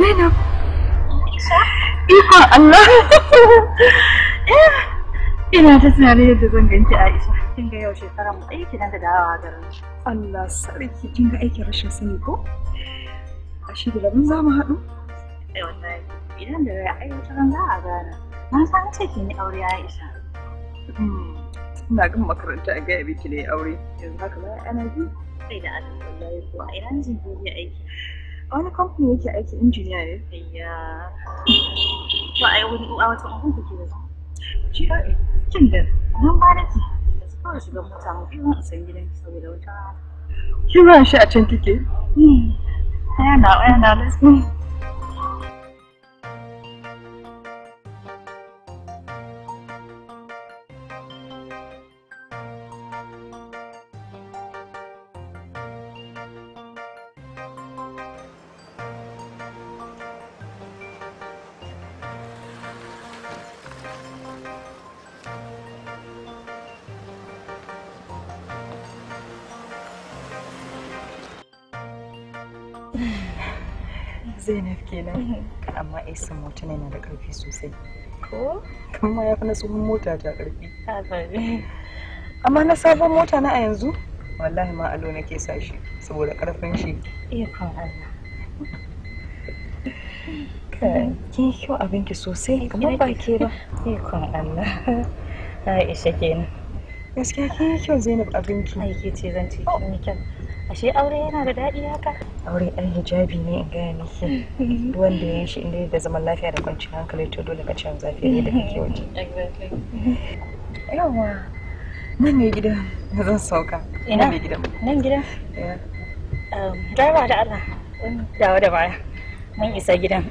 Zainab. Allah. Ina ta tunanin yadda zan ganci Aisha. Kin ga yau shekara mu aiki nan da dawowa garin. Allah sarki kin ga aikin rashin sani ko? A shi da haɗu? idan da ai wata ran za a gana. Na san ce a gaya biki ne aure. Yanzu haka ba ana Sai Allah ko a ina jin a wani kamfani yake aiki injiniya ne ayya to ai wani a wata kamfani kake da shi a kin da nan ba nake da su kawai shiga mota mu biyu a san gidan saboda wata kin ran a can kike yana yana lafiya zainab kenan amma isin mota na da karfi sosai ko kuma ya fi na tsohon mota ta karfi amma na sabon mota na a yanzu wallahi ma alo nake sa shi saboda karfin shi ikon Allah kin kyau abinki sosai kamar ba ke ba ikon Allah Aisha kenan gaskiya kin kyau Zainab abinki ai ke ce zan ce oh. kin kyau ashe aure yana da daɗi haka aure ɗan hijabi ne in gaya miki wanda ya shi inda da zaman lafiya da kwanciyar hankali to dole ka can zafi ne da kake waje yawa nan ne gida na zan sauka ina ne gida nan gida um, driver da Allah Dawa da baya mun isa gidan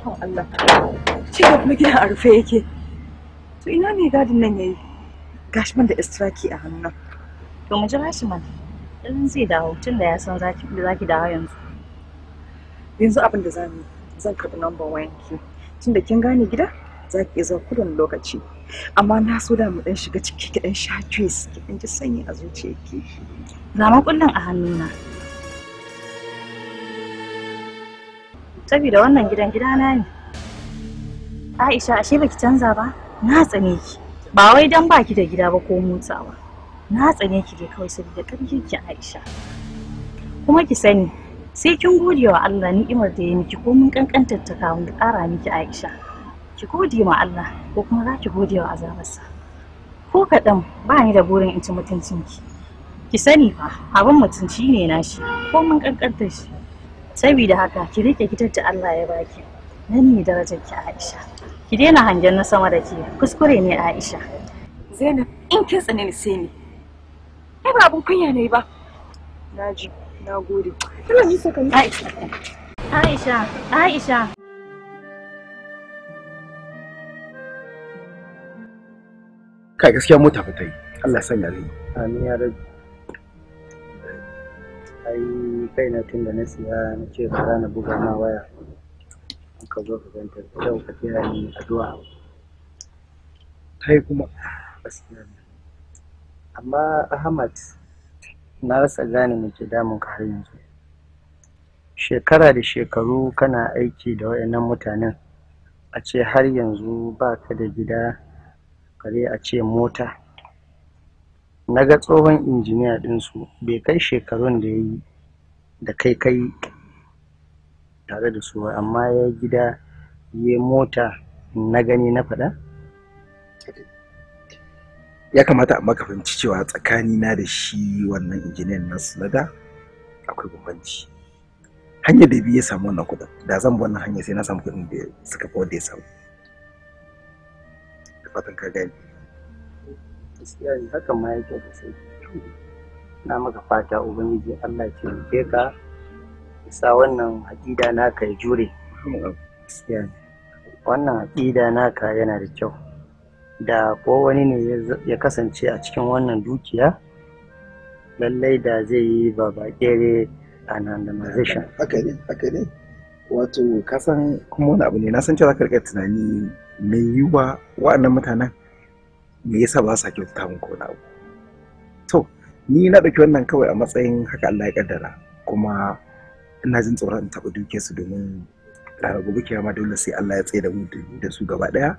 ikon Allah ce kuma gidan a rufe yake to ina ne gadin nan yayi gashi man da istiraki a hannun to mu jira shi man in zai dawo tun da ya san zaki da zaki dawo yanzu yanzu abin da zamu zan karɓi number 1 ki tun da kin gane gida za ki zuwa kudin lokaci amma na so da mu dan shiga ciki ki dan sha juice ki dan ji sanyi a zuciyarki zama kullun a hannuna saboda wannan gidan gidana ne aisha ashe baki canza ba na tsane ki ba wai dan baki da gida ba ko motsawa na tsane ki dai kawai saboda ƙarfin ki aisha kuma ki sani sai kin gode wa Allah ni'imar da ya miki ko mun kankantar ta kawo ƙara miki aisha ki gode ma Allah ko kuma za ki gode wa azabarsa ko kaɗan ba ni da burin in ci mutuncinki ki sani fa abin mutunci ne nashi ko mun kankantar shi saboda haka ki rike kitar da Allah ya baki nan ne darajar ki Aisha ki daina hangen na sama da ke kuskure ne Aisha Zainab in kin tsane ni sai ni ai ba abun kunya ne ba naji nagode kana ji saka Aisha Aisha Aisha kai gaskiya mota fa ta yi Allah sanya zai amin ya rabbi ai kai na tun da na siya na ce ka na buga ma waya an ka zo ka ganta kyau ka kira ni addu'a kai kuma gaskiya ne amma ahmad na rasa gane me ke damun ka har yanzu shekara da shekaru kana aiki da waɗannan mutanen a ce har yanzu ba ka da gida kare a ce mota na ga tsohon injiniya ɗinsu bai kai shekarun da ya yi da kai kai tare da su amma ya yi gida ya mota na gani na faɗa? ya kamata a maka fahimci cewa tsakani na da shi wannan injiniyan na sulada akwai bambanci hanyar da biyu ya samu wannan kuɗin da zan bi wannan hanyar sai na samu kuɗin da suka fi wanda ya samu da fatan ka gani gaskiya ne hakan ma yake da sai na maka fata ubangiji Allah ke ke ka sa wannan aƙida naka ya jure gaskiya ne wannan aƙida naka yana da kyau da ko wani ne ya kasance a cikin wannan dukiya lallai da zai yi ba kere anandamization haka ne haka ne wato kasan kuma wani abu ne na san cewa za ka rika tunani mai yiwuwa wa'annan mutanen me yasa ba sa kyautata min ko abu to ni na ɗauki wannan kawai a matsayin haka Allah ya kaddara kuma ina jin tsoron in taɓa duke su domin ranar gobe kiyama dole sai Allah ya tsaye da mu da su gaba ɗaya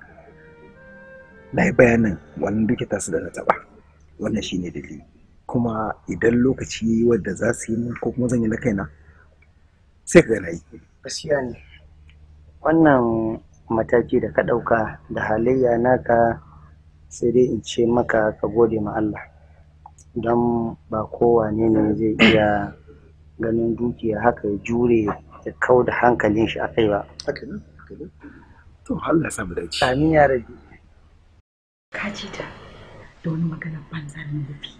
na yi bayanin wannan duke tasu da na taba wannan shine dalili kuma idan lokaci wanda za su yi min ko kuma zan yi na kaina sai ka na yi gaskiya ne wannan mataki da ka ɗauka da halayya naka sai dai in ce maka ka gode ma Allah don ba kowane ne zai iya ganin dukiya haka ya jure ya kau da hankalin shi akai ba to Allah ya samu dace amin ya rabi ka ji ta da wani magana banza na nufi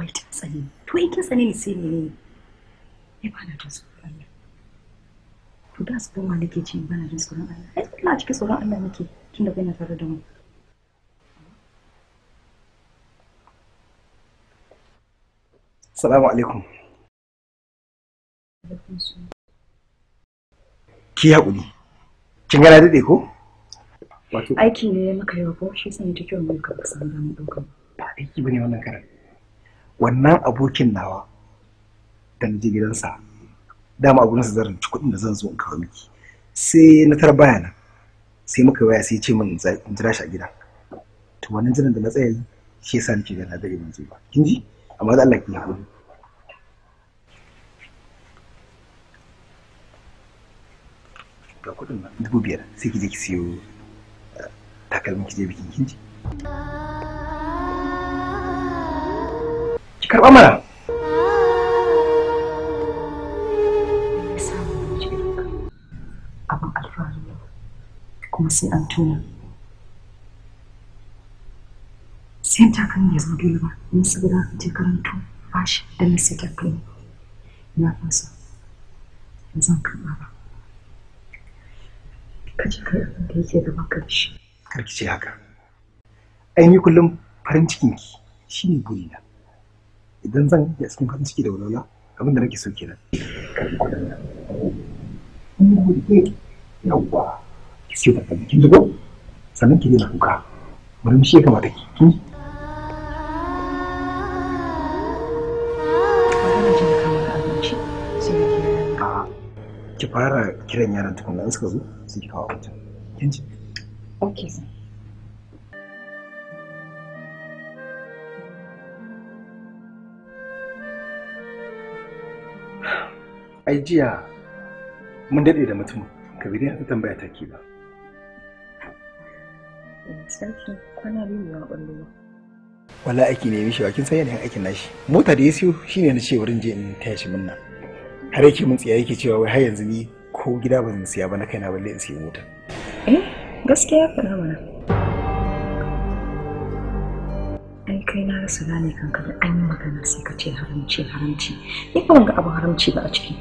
wai ta tsane to in kin tsane ne sai ne ne ne ba na jin tsoron Allah to da su kuma nake ce ba na jin tsoron Allah ai kullum a cikin tsoron Allah nake tunda kai na tare da mu Salamu alaikum. Ki haƙuri. Kin gana dade ko? Aiki ne ya maka yau ko shi sani ta kyau mun ka san da mu ɗauka. Ba aiki bane wannan karan. Wannan abokin nawa da na je gidansa dama abun sa zaran ci kuɗin da zan zo in kawo miki. Sai na tar bayana. Sai muka waya sai ce min in jira shi a gida. To wannan jiran da na tsaya shi yasa nake na daɗe ban zo ba. Kin ji? amma da Allah ki hannu ga kudin nan dubu biyar sai ki je ki siyo eh, takalmin ki je bikin kinji ki karba mana abin kuma sai an tuna sayan takalmi ya zama dole ba in su gida je karanto bashi da na sai takalmi na fasa ba zan karɓa ba ka ji kai abin da yake gaban ka da shi kar ki ce haka ainihin kullum farin cikin ki shine burina idan zan iya cikin farin ciki da walwala abin da nake so kenan yawwa ki sai takalmi kin dubo sannan ki na kuka mu shi ya kamata ki kiran yaran tukunna in suka zo su kawo mutum kin ji okay sir ai jiya mun daɗe da mutumin ka bi ta tambaya ta ke ba sarki kwana biyu ne ɓallo wala aiki ne mishi kin sai yanayin aikin nashi mota da ya siyo shine na ce wurin je in taya shi minna har yake mun tsaya yake cewa wai har yanzu ni ko gida ban siya ba na kaina balle in siya mota eh gaskiya faɗa mana ai kai na rasa gane kanka da an yi magana sai ka ce haramci haramci ni kuma ga abu haramci ba a ciki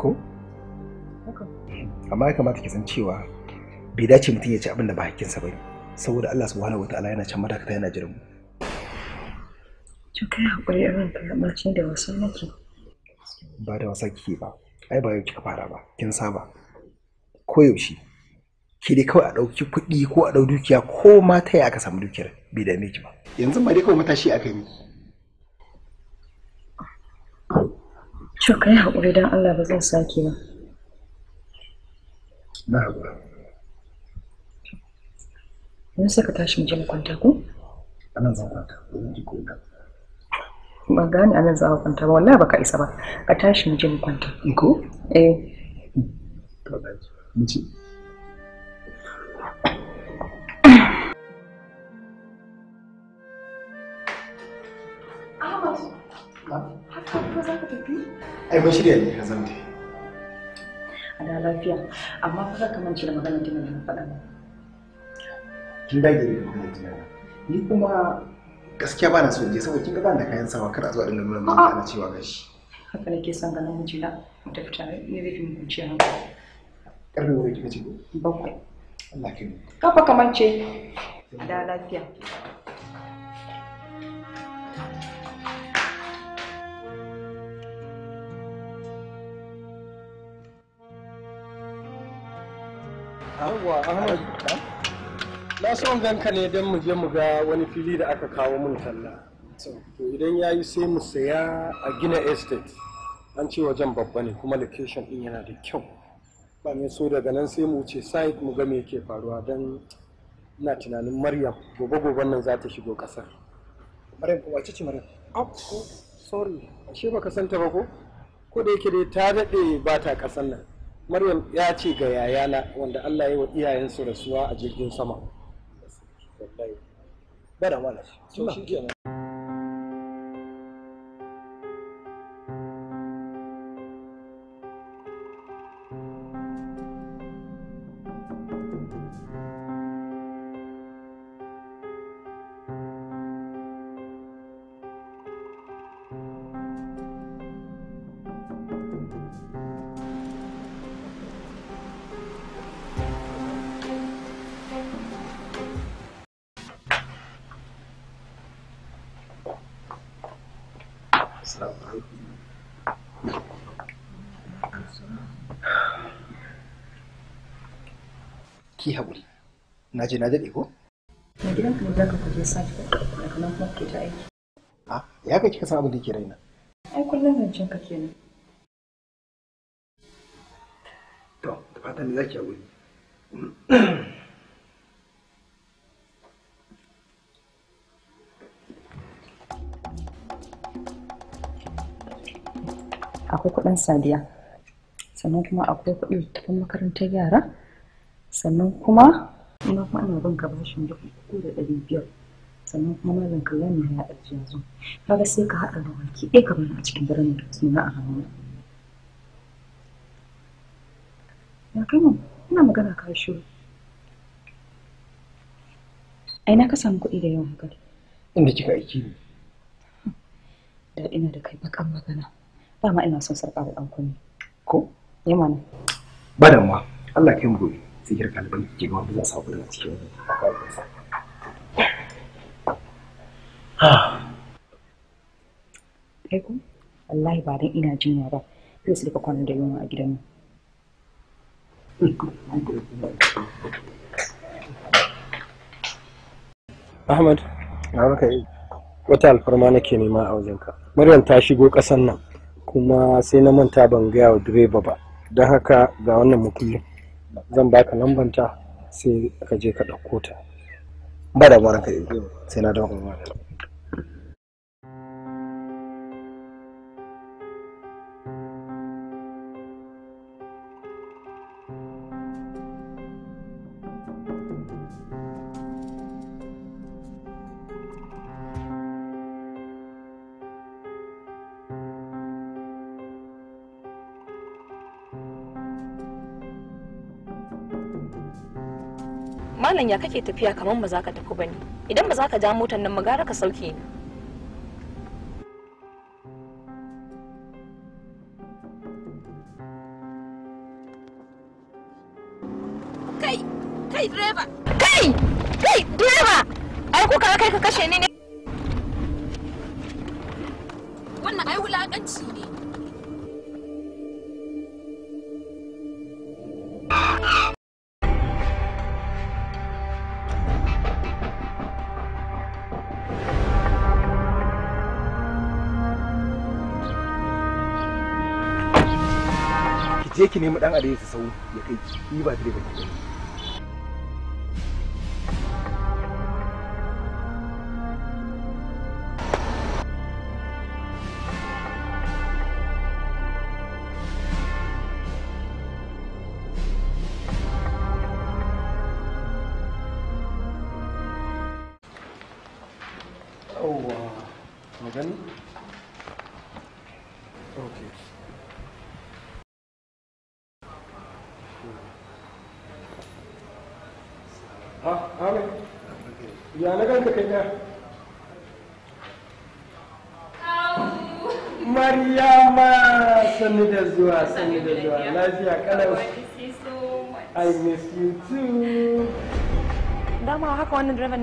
ko amma ya kamata ki san cewa bai dace mutum ya ci abin da ba hakkinsa ba ne saboda Allah subhanahu wataala yana can madakata yana jiran mu to kai hakuri irin ka da wasu nake ba da wasa kike ba ai ba yau kika fara ba kin saba ko yaushe ki dai kawai a ɗauki kuɗi ko a ɗau dukiya ko ma ta yaya aka samu dukiyar bai dame ki ba yanzu ma dai kawai matashi aka yi to kai haƙuri don Allah ba zan sake ba na haƙura yanzu saka tashi mu je mu kwanta ko anan zan kwanta ko zan ji ko ba anan za ka kwanta ba baka isa ba ka tashi mu je mu kwanta ko eh Ai ba shirya ne A lafiya, amma fa mance da maganar da na faɗa. Kin dage da maganar Ni kuma gaskiya ba na so je saboda kin ba da kayan sawa kar a zuwa dinga nuna mana ana cewa gashi haka nake son ganin mijina mu tafi tare ne zai fi mu kwanciya hankali karfe gobe kika ce bakwai Allah ka kafa kamar ce da lafiya Yawwa Ahmad. na son ganka ne don mu je mu ga wani fili da aka kawo mun talla to idan ya yi sai mu saya a gina estate an ce wajen babba ne kuma location din yana da kyau ba mai so daga nan sai mu wuce site mu ga me yake faruwa don ina tunanin maryam gobe goben nan za ta shigo kasar maryam ko wace ce maryam ah, sorry ashe baka santa ba ko ko da yake dai ta daɗe ba ta kasar nan maryam ya ce ga yayana wanda allah ya wa iyayensu rasuwa a jirgin sama wallahi ba da mana Ki haƙuri, na je na daɗe ko? Mai gidan kuma za ka kuje sati ko nan kuma ta aiki. A, ya ka kika san abin da ke raina? Ai kullum zancen ka kenan. To, da fatan da za ki haƙuri. akwai kuɗin sadiya sannan kuma akwai kuɗin littafin makarantar yara sannan kuma ina kuma ina bin ka bashin dubu uku da ɗari biyar sannan kuma malin kallon ne ya ɗauki yanzu kaga sai ka haɗa da waki ɗaya ka bani a cikin daren da suna a hannu ya kai mu ina magana ka shiru ai na ka samu kuɗi da yawan haka inda kika aiki ne da ina da kai bakan magana ba ma ina son sarƙa da ɗan ko yi ma ne. da ma Allah kai mu gobe sai kira kalban ki ga wanda za sa kudin a cikin kai ko? wallahi ba dan ina jinya ba sai su rika kwanan da yunwa a gidan Ahmad, na maka wata alfarma nake nema a wajenka. Maryam ta shigo ƙasan nan. kuma sai na manta ban gaya wa direba ba don haka ga wannan mukulli zan baka lambanta sai ka je ka ɗauko ta ba da mara ka sai na don umarni malam ya kake tafiya kamar ba za ka tafi ne idan ba za ka ja motar nan magara ka sauke ni je ki nemi dan adai su sau ya kai ki ba da ba ki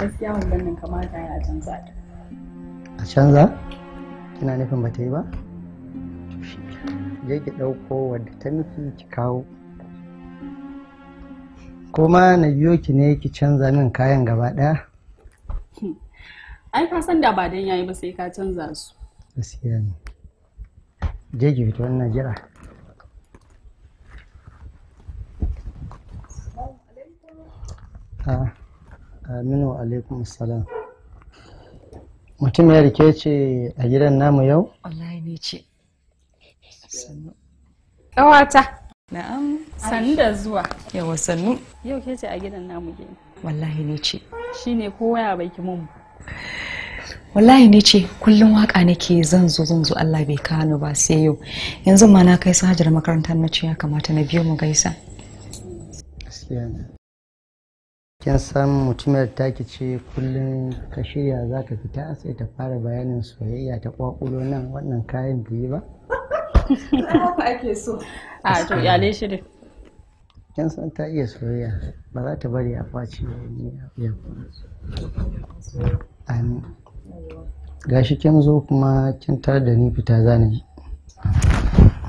gaskiya wannan nan kamata ya canza ta a canza kina nufin bata yi ba je ki dauko wadda ta nufi ki kawo kuma na biyo ki ne ki canza min kayan gaba daya ai ka san da ba dan yayi ba sai ka canza su gaskiya ne je ki fita wannan jira Aminu alaikum salam. Mutum ya rike ce a gidan namu yau? Wallahi ne ce. Ƙawata. Na'am, sannu da zuwa. Yawa sannu. Yau ke ce a gidan namu gini Wallahi ne ce. Shi ne kowa ya baki mun. Wallahi ne ce kullum waka nake zan zo zan zo Allah bai kano ba sai yau. Yanzu ma na kai sajar makarantar na ce ya kamata na biyo mu gaisa. kin san mutumiyar ki ce kullum ka shirya za ka fita sai ta fara bayanin soyayya ta kwakulo nan wannan kayan biyu ba Ba ake so a to yale shi kin san ta iya soyayya ba za ta bari a kwaci ya amin gashi kin zo kuma kin tar da ni fita zani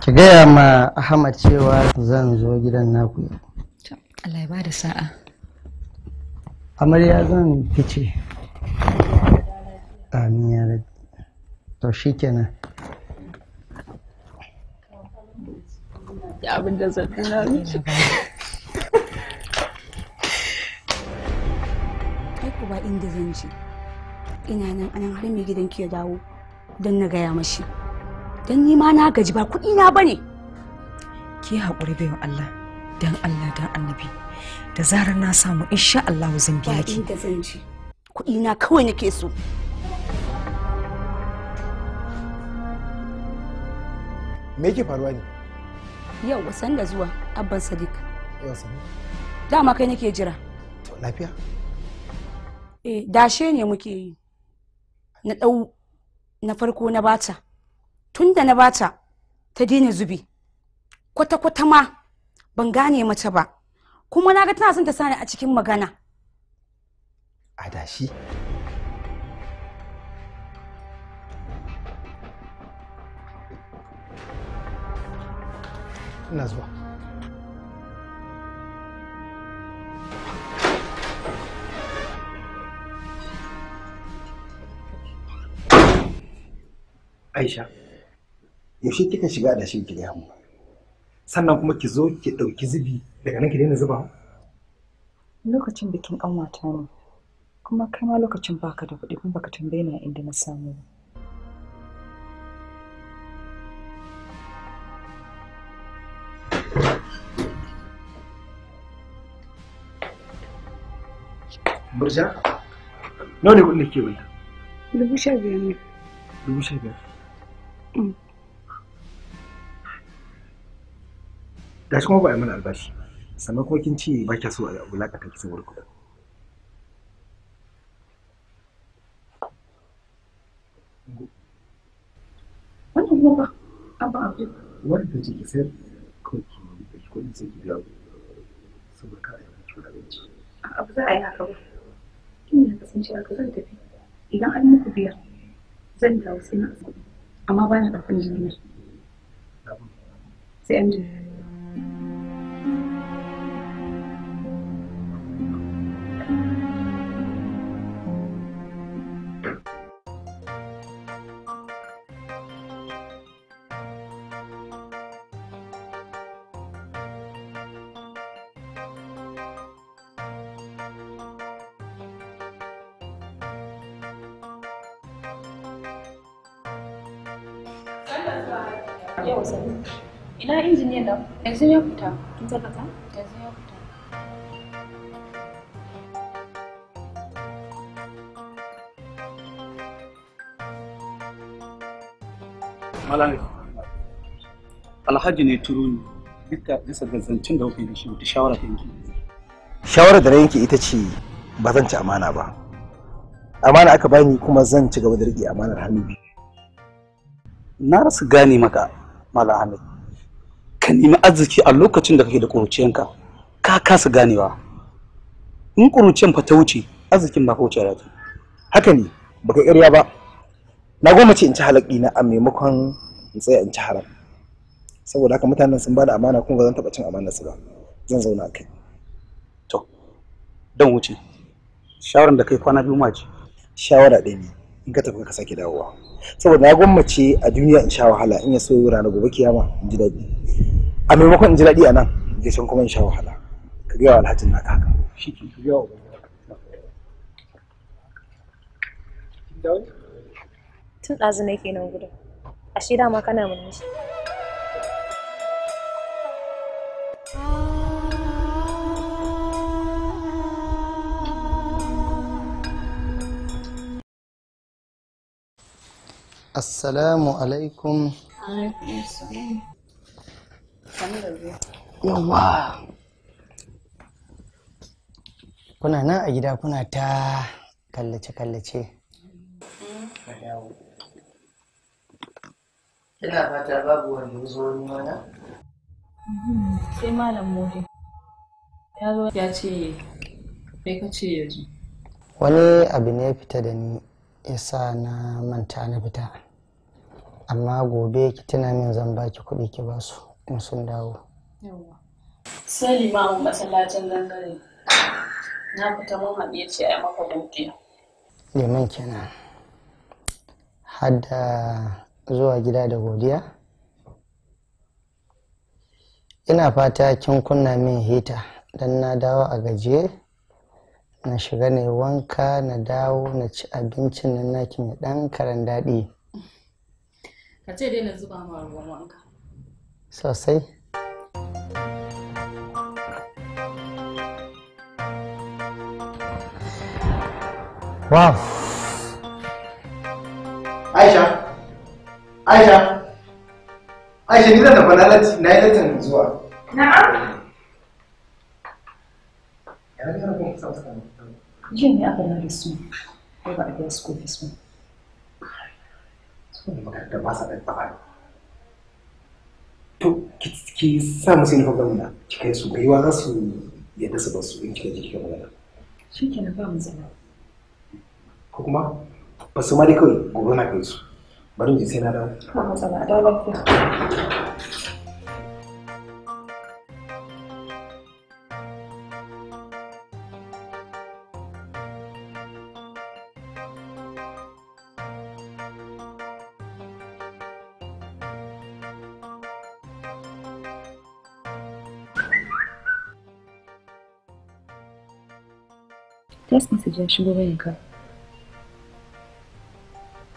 ki gaya ma ahmad cewa zan zo gidan naku Allah ya da sa'a amarya zan fice amin ya rabbi to kenan. ya abin da zan tuna miki ko ba inda zan je ina nan anan har mai gidan ya dawo don na gaya mashi don ni ma na gaji ba kuɗi na bane ki haƙuri bayan Allah don Allah don annabi da zarar na samu insha Allah zan biya ki da kuɗi na kawai nake so me yake faruwa ne yau wasan da zuwa abban sadiq yau sadiq dama kai nake jira to lafiya eh dashe ne muke yi na dau na farko na bata tunda na bata ta daina zubi kwata-kwata ma ban gane mace ba kuma na ga tana son ta sani a cikin magana adashi ina zuwa aisha yaushe kika shiga ki da mu. sannan kuma ki zo ki ɗauki zubi daga nan ki daina zuba lokacin bikin ƙanwata ne kuma kai ma lokacin baka da kuɗi kuma baka tambaye ni inda na samu ba Burja? Nawa ne kuɗin da ke wuya? Dubu sha biyar ne. Dubu sha biyar? Mm. Gashi kuma ba a yi mana albashi. sannan kuma kin ce ba kya so a wulakata ki saboda kuɗin wannan kuma ba abu abu wanda ta ce ki sayar kawai ki da ki kuɗin sai ki biya ku saboda kada ki kuɗa abinci abu za a yi haka ba kin ya kasance haka zan tafi idan an muku biya zan dawo sai na amma ba na ɗaukan jini sai an jini yanzu ya fita kin tabbata yanzu ya fita Malami, Alhaji ne turu ne duka bisa ga zancen da kuka yi shi da shawara ta yanki. Shawarar da na yanke ita ce ba zan ci amana ba. Amana aka bani kuma zan ci gaba da rike amanar hannu biyu. Na rasa gane maka, Malam Hamid. ka nemi arziki a lokacin da kake da ƙuruciyanka ka kasa ganewa in ƙuruciyan fa ta wuce arzikin ba ka wuce rata haka ne ka ƙarya ba na goma ce in ci halak na a maimakon in tsaya in ci haram saboda haka mutanen sun bada amana kuma ba zan taɓa cin amanar su ba zan zauna kai to dan wuce shawaran da kai kwana biyu ma ce shawara ɗaya ne in ka tafi ka sake dawowa saboda na gwamnati a duniya in sha wahala in ya so rana gobe kiyama in ji daɗi a maimakon in ji daɗi a nan je can kuma in sha wahala ka gaya wa alhajin naka haka shi ke ka gaya wa tun ɗazu ke nan gudu a shi dama kana murmushi Assalamu alaikum. yawa kuna nan a gida kuna ta kallace-kallace ina fata babu wanda zo ni mana hmm, sai malam mode ya zo ya ce me ka ce yanzu wani abu ne ya fita da ni ya sa na manta na fita amma gobe ki tuna min zan baki kuɗi ki basu in sun dawo sai limamin masallacin gangare na fita mun haɗe ce a maka godiya liman kenan hadda zuwa gida da godiya ina fata kin kunna min hita don na dawo a gaje na shiga na wanka na dawo na ci abincin nan naki mai ɗan karan daɗi ka ce dai na zuba ma ruwan wanka sosai wow aisha aisha aisha ni da tafi na lati na yi latin zuwa na'am jiya ne aka nada su ko ba a biya su ko fi su su ne makarantar ba sa ɗan taɓa to ki sa musu uniform da ki kai su mai za su yadda su ba su in kika je kika magana shi ke na ba zama ko kuma ba su ma dai kawai gobe na kai su bari mu sai na dawo ba matsala a da lafiya voice message ya shigo bayan ka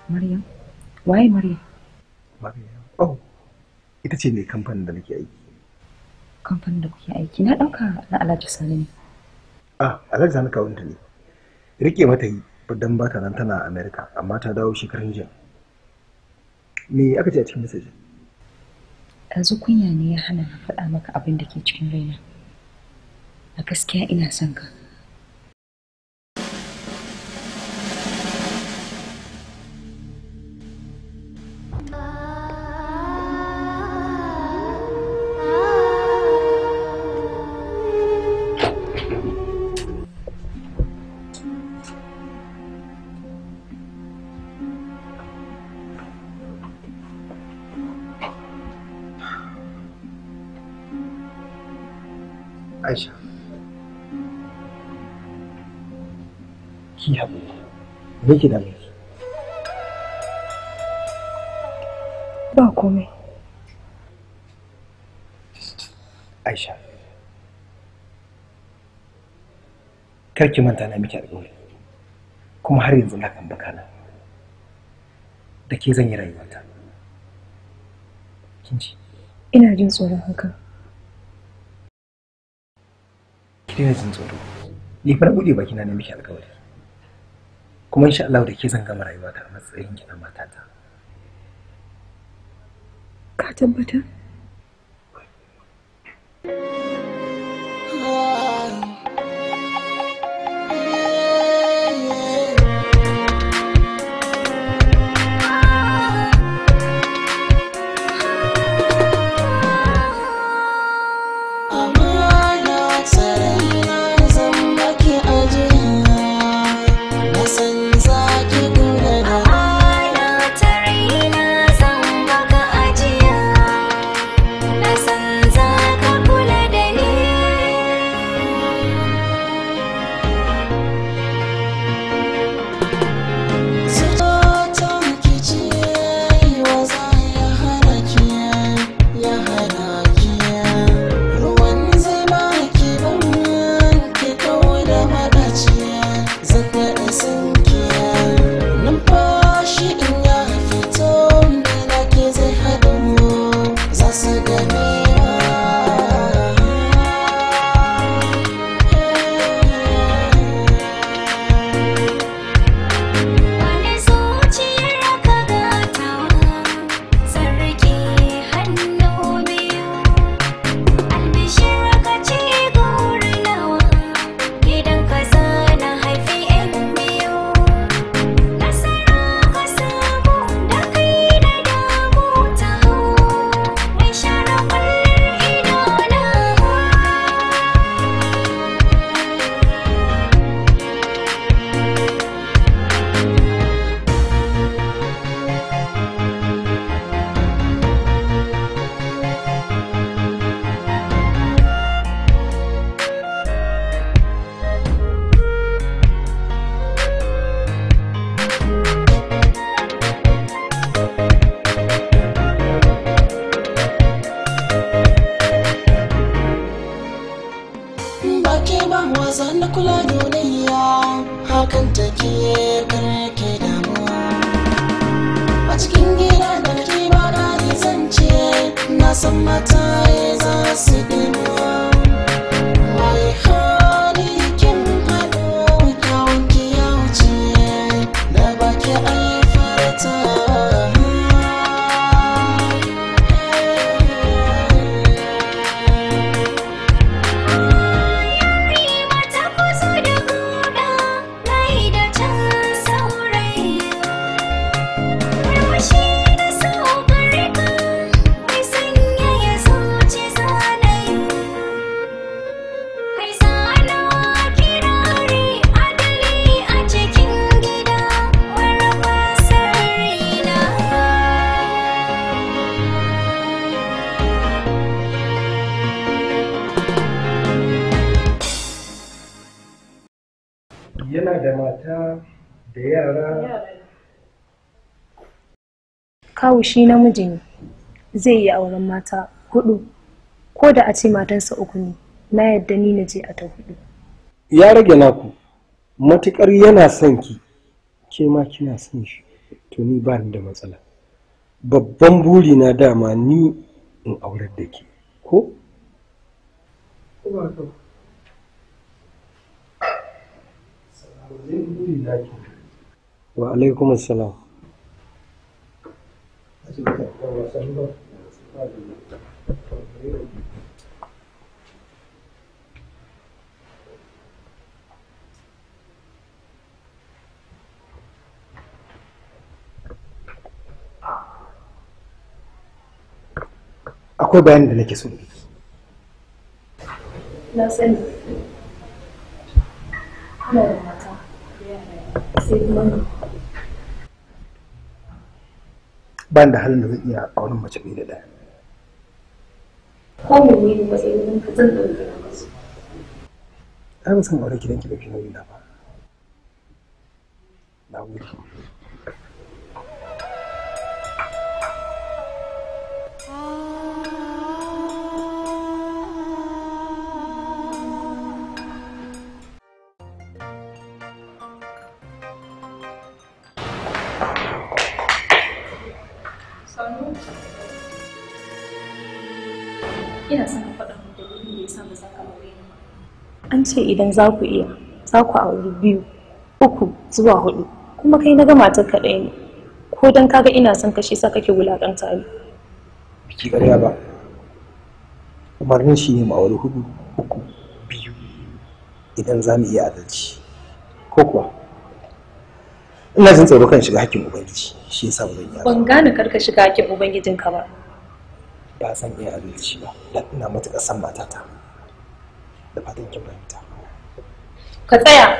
Maryam waye Maryam Maryam ita ce mai kamfanin da nake aiki kamfanin da kuke aiki na ɗauka na Alhaji Sani ne ah Alhaji Sani kawunta ne rike mata yi dan ba ta nan tana Amerika, amma ta dawo shekarun jiya me aka ce a cikin message yanzu kunya ne ya hana na faɗa maka abin da ke cikin raina a gaskiya ina son ka Aisha. Ki haƙuri. Me ki dame ki? Ba komai. Aisha. Kar ki manta na miki alƙawari. Kuma har yanzu na kan bakana. Da ke zan yi rayuwata. Kin ji? Ina jin tsoron hakan. ki daina jin tsoro ni fa na bude baki ne miki alƙawari kuma insha Allah da ke zan gama rayuwata a matsayin ki na matata ka tabbata Yana da mata da yara. Kawu shi namiji ne, zai yi auren mata hudu, ko da a ce matansa uku ne, na yadda ni na je a ta hudu. Ya rage naku, matukar yana son ki, ke ma kina son shi, to ni ba ni da matsala. Babban buri na dama ni in aurar da ke, ko? wa alaikum assalam akwai bayan da nake so da na sani ina da ban da halin da zai iya auren mace biyu da ɗaya. Ko mene ne matsayin ka zan ɗauke da masu? Ai san aure gidanki da fi nauyi na ba. Na wuri. ce idan za ku iya za ku auri biyu uku zuwa hudu kuma kai na ga matar kaɗai ne ko dan kaga ina son ka shi sa kake wulakanta ni biki ƙarya ba umarnin shi ne ma'auri auri hudu uku biyu idan za mu iya adalci ko kuwa ina jin tsoro kan shiga hakkin ubangiji shi yasa ba zan yi ban gane kar ka shiga hakkin ubangijinka ba ba san iya adalci ba ina matuƙar san matata da fatan kin fahimta ka tsaya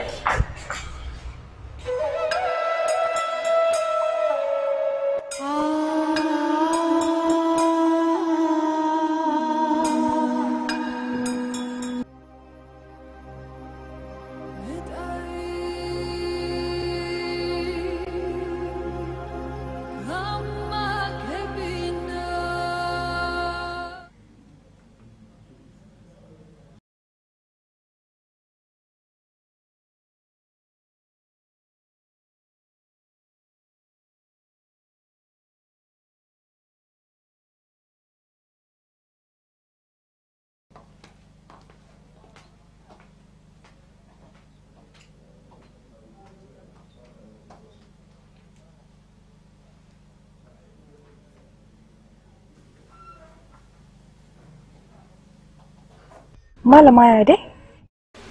malama ya dai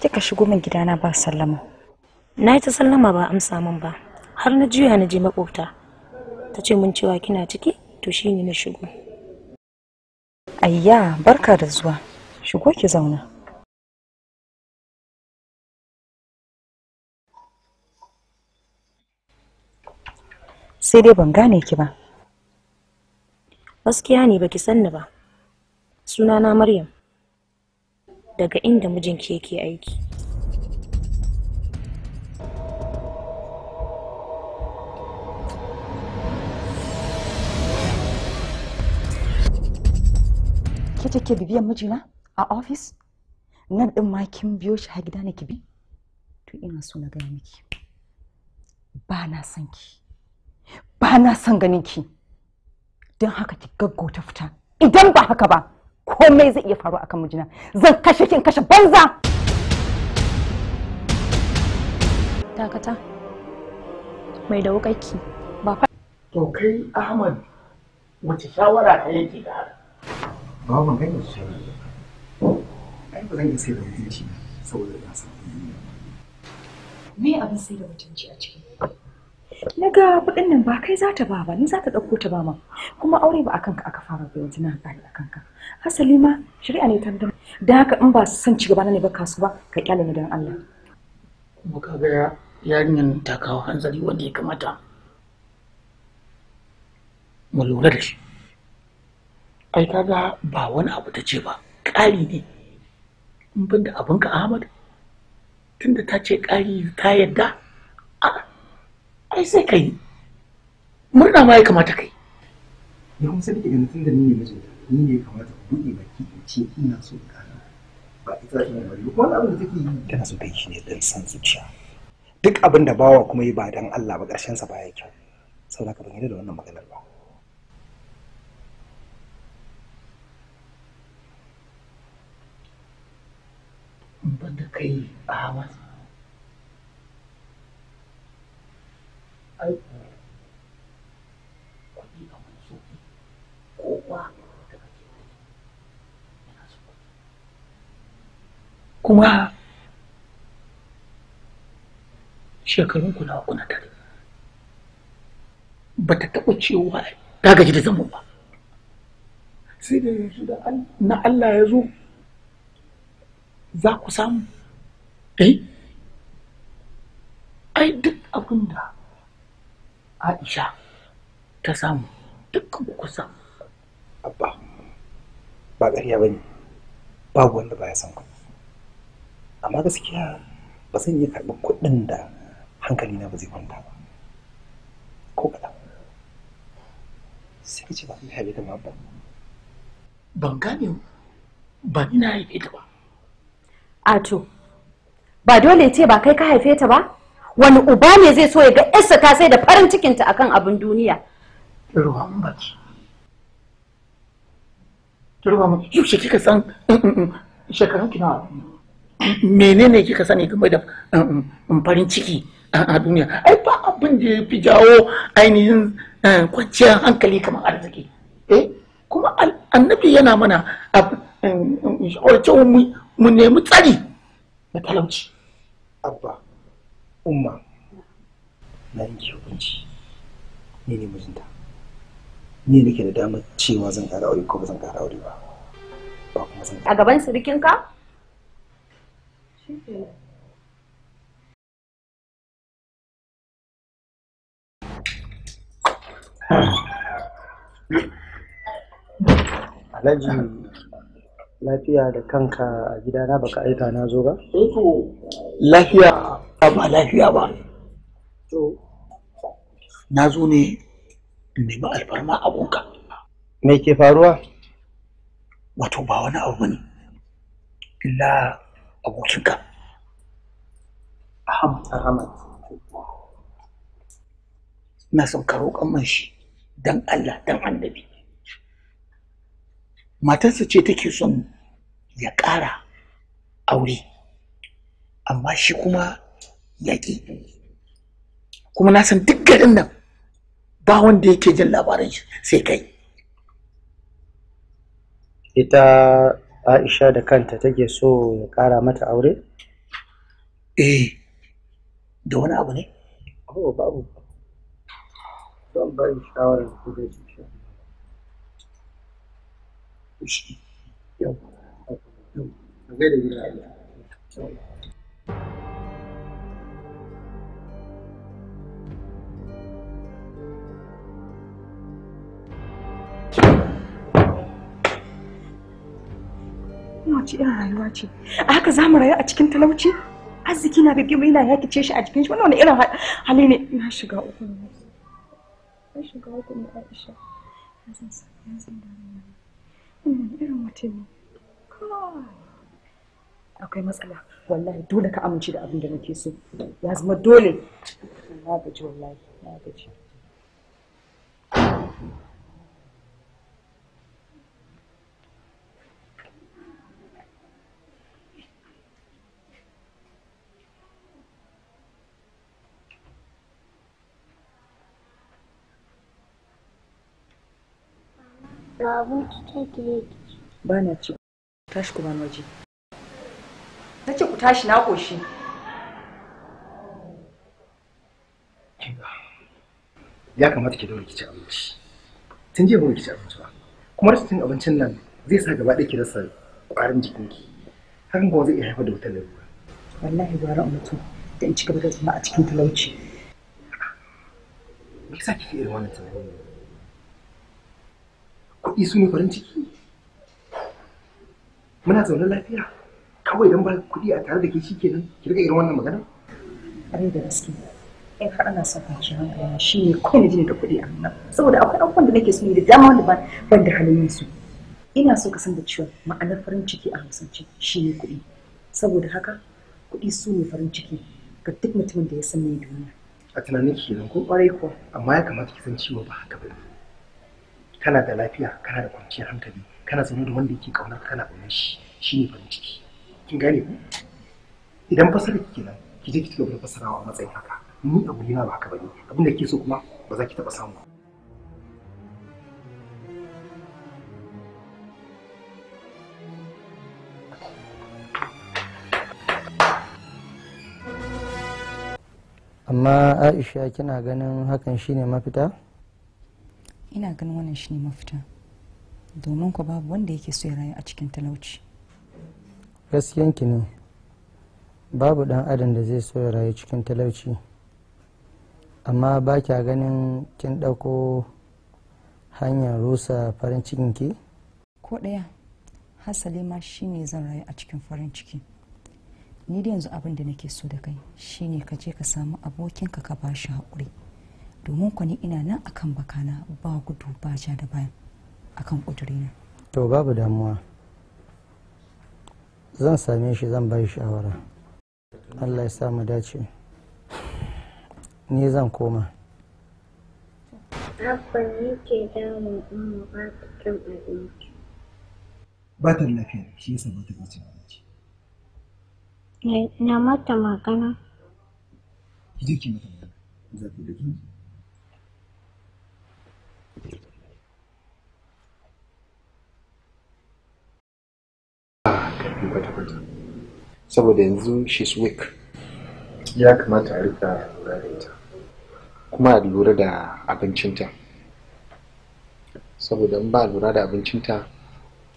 kika shigo min gidana ba sallama na yi ta sallama ba amsa min ba har na juya na je makobta ta ce mun cewa kina ciki to shine na shigo ayya barka da zuwa shigo ki zauna sai dai ban gane ki ba gaskiya ne baki sanni ba sunana maryam daga inda mijinki yake aiki ke ce ke mijina a ofis nan ɗin ma kin biyo shi har gida ne ki bi to ina so na gaya miki ba na son ki ba na son ganin ki don haka ki gaggauta fita idan ba haka ba komai zai iya faru akan mijina zan kashe kin kashe banza dakata mai da wukaki ba fa to kai ahmad wace shawara ka yake da ba mun gani shi ai ba zan iya sai da mutunci saboda na san ni abin sai da mutunci a cikin na ga kuɗin nan ba kai za ta ba ba ni za ta ɗauko ta ba ma kuma aure ba akan ka aka fara ba yanzu na akan ka hasali ma shari'a ne ta da haka in ba son ci gaba na ne ba ka kyale ni don Allah kuma ka ga yarinyar ta kawo hanzari wanda ya kamata mu lura da shi ai kaga ba wani abu ta ce ba ƙari ne in abinka Ahmad tunda ta ce ƙari ta yadda ai sai kai murna ma ya kamata kai ya kuma sai ganin tun da ni ne mijinta ni ne ya kamata ku buɗe baki in ce ina so in kana ba ita ce mai bari ko abin da take yi tana so kai shi ne dan san zuciya duk abin da bawa kuma yi ba dan Allah ba karshen sa baya kyau saboda ka ban da wannan maganar ba ban da kai a hawa kowa kuma shekarun ku nawa kuna tare ba ta taɓa cewa ta gaji da zaman ba sai da yanzu da na Allah ya zo za ku samu eh ai duk abinda. Aisha ta samu dukkan ku samu. Abba ba ƙarya ba ne babu wanda ba ya san ku. Amma gaskiya ba zan iya karɓar kuɗin da hankali na ba zai kwanta ba. Ko kaɗan. Sai ka ce ba ka haife da ma ba. Ban gane ba ni na haife ta ba. Ato, ba dole ce ba kai ka haife ta ba? wani uba ne zai so ya ga yarsa ta sai da farin cikinta akan abin duniya ruwan baki ruwan kika san mm, mm, mm, shekarun kina menene kika sani game da farin ciki a duniya ai ba abin da ya fi jawo ainihin eh, kwanciyar hankali kamar arziki eh kuma annabi yana mana shawarcin mu nemi tsari da talauci abba umma na yanke hukunci ni ne mijinta ni nake da damar cewa zan ƙara aure ko ba zan ƙara aure ba ba kuma zan a gaban ka Alhaji lafiya da kanka a gidana baka aika na zo ba? Eh lafiya ba lafiya ba na zo ne in nemi alfarma abunka me ke faruwa wato ba wani abu ne illa abokinka ahmad ahmad ina son ka roƙan man shi dan Allah dan annabi matarsa ce take son ya ƙara aure amma shi kuma yaƙi kuma na san duk garin nan ba wanda yake jin labarin shi sai kai ita aisha da kanta take so ya ƙara mata aure? eh da wani abu ne? oh babu don bari shawarar ku da shi yau yau da gida talauci irin rayuwa ce a haka za mu rayu a cikin talauci arziki na bibbi mai na yakice shi a cikin shi wannan wani irin hali ne na shiga uku ne na shiga uku ne Aisha na san sa na san da wannan irin mutum ne akwai matsala wallahi dole ka amince da abin da nake so ya zama dole na gaji wallahi na gaji ga abinci take ba na ci tashi kuma waje na ce ku tashi na ƙoshi ya kamata ki daure ki ci abinci tun jiya ba ki ci abinci ba kuma rashin abincin nan zai sa gaba ɗaya ki rasa ƙwarin jikinki hakan kuma zai iya haifar da wata larura wallahi gwara mutum da in ci gaba da zama a cikin talauci me yasa kike irin wannan tunanin kuɗi su ne farin ciki muna zaune lafiya kawai don ba kuɗi a tare da ke shi kenan ki riga irin wannan magana kare da gaske fara na sa son kwanciyar hankali shi ne kai ne jini da kuɗi a nan saboda akwai abubuwan da nake so da dama wanda ban da halayen su ina so ka san da cewa ma'anar farin ciki a hausance shi ne kuɗi saboda haka kuɗi su ne farin ciki ga duk mutumin da ya san mai duniya a tunanin ki kenan ko kwarai ko amma ya kamata ki san cewa ba haka ba kana da lafiya kana da kwanciyar hankali kana zaune da wanda yake kaunar kana kaunar shi ne farin ciki kin gane ku idan fasara kike nan ki je ki ci da fasarawa a matsayin haka ni abu ne ba haka bane abinda kike so kuma ba za ki taba samu amma aisha kina ganin hakan shine mafita ina ganin wannan shine mafita domin ku babu wanda yake so ya rayu a cikin talauci gaskiyan ki ne babu dan adam da zai so ya rayu cikin talauci amma ba kya ganin kin ɗauko hanyar rusa farin cikin ki ko ɗaya hasali ma shine zan rayu a cikin farin ciki ni da yanzu abin da nake so da kai shine ka je ka samu abokinka ka bashi hakuri. domin ku ne ina nan akan bakana ba gudu ba ja da bayan akan kudurina to babu damuwa zan same shi zan bai shawara allah ya sa mu dace ni zan koma abban yake damun amma ba ta kan abinci ba ta lafiya shi yasa ba ta cin abinci na mata magana ki je ki mata magana za ki karfi kwata-kwata saboda yanzu she's weak ya kamata a rika lura da ita kuma a lura da abincinta saboda in ba a lura da abincinta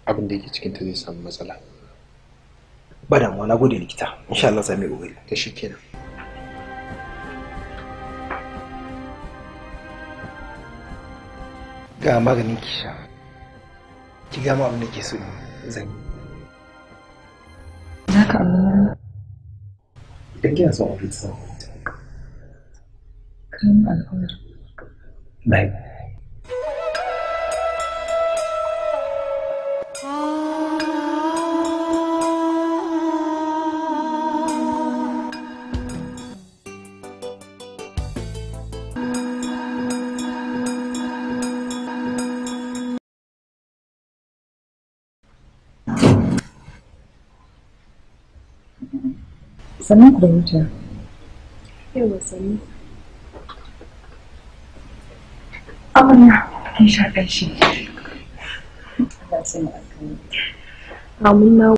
abin da yake cikinta zai samu matsala ba damuwa na gode likita insha Allah sami gobe da shi kenan ga maganin ki sha ki gama abin da ke so zan yi haka abu ne idan kina barka da wuta. Yawa sannu. Amina, kin sha ƙanshi.